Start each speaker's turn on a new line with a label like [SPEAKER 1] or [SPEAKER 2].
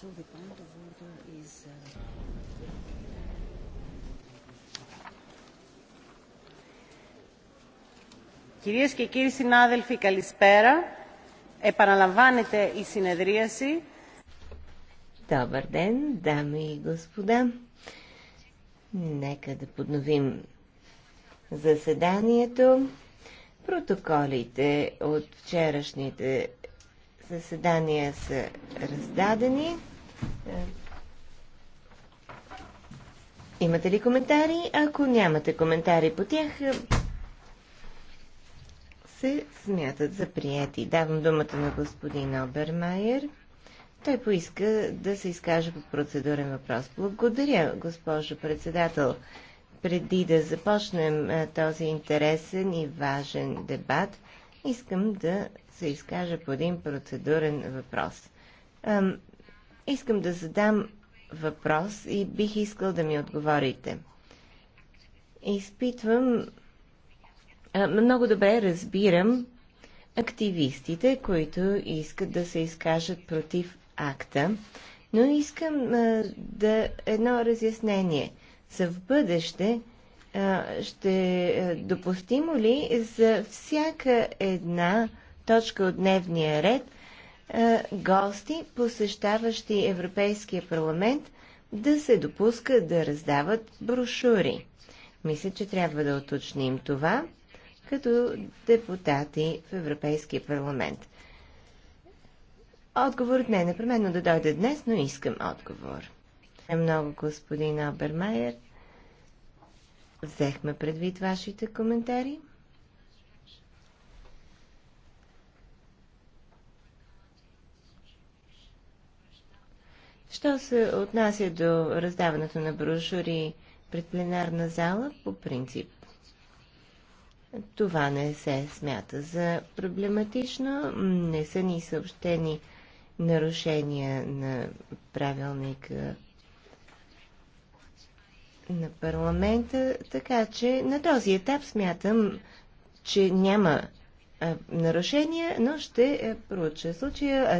[SPEAKER 1] So the point of order is. Uh, Κυρίες και κύριοι συνάδελφοι, καλησπέρα. Επαναλαμβάνεται η συνεδρίαση. Добър ден, дами и господа. Нека да подновим заседанието. Протоколите от вчерашните заседания са раздадени. Е, имате ли коментари? Ако нямате коментари по тях, е, се смятат за прияти. Давам думата на господин Обермайер. Той поиска да се изкаже по процедурен въпрос. Благодаря, госпожо председател. Преди да започнем е, този интересен и важен дебат, искам да се изкажа по един процедурен въпрос. Искам да задам въпрос и бих искал да ми отговорите. Изпитвам. Много добре разбирам активистите, които искат да се изкажат против акта, но искам да едно разяснение. За в бъдеще ще допустимо ли за всяка една точка от дневния ред е, гости, посещаващи Европейския парламент, да се допуска да раздават брошури. Мисля, че трябва да уточним това като депутати в Европейския парламент. Отговорът не е непременно да дойде днес, но искам отговор. Е, много господин Обермайер. Взехме предвид вашите коментари. Що се отнася до раздаването на брошури пред пленарна зала, по принцип това не се смята за проблематично. Не са ни съобщени нарушения на правилника на парламента, така че на този етап смятам, че няма нарушения, но ще проуча случая.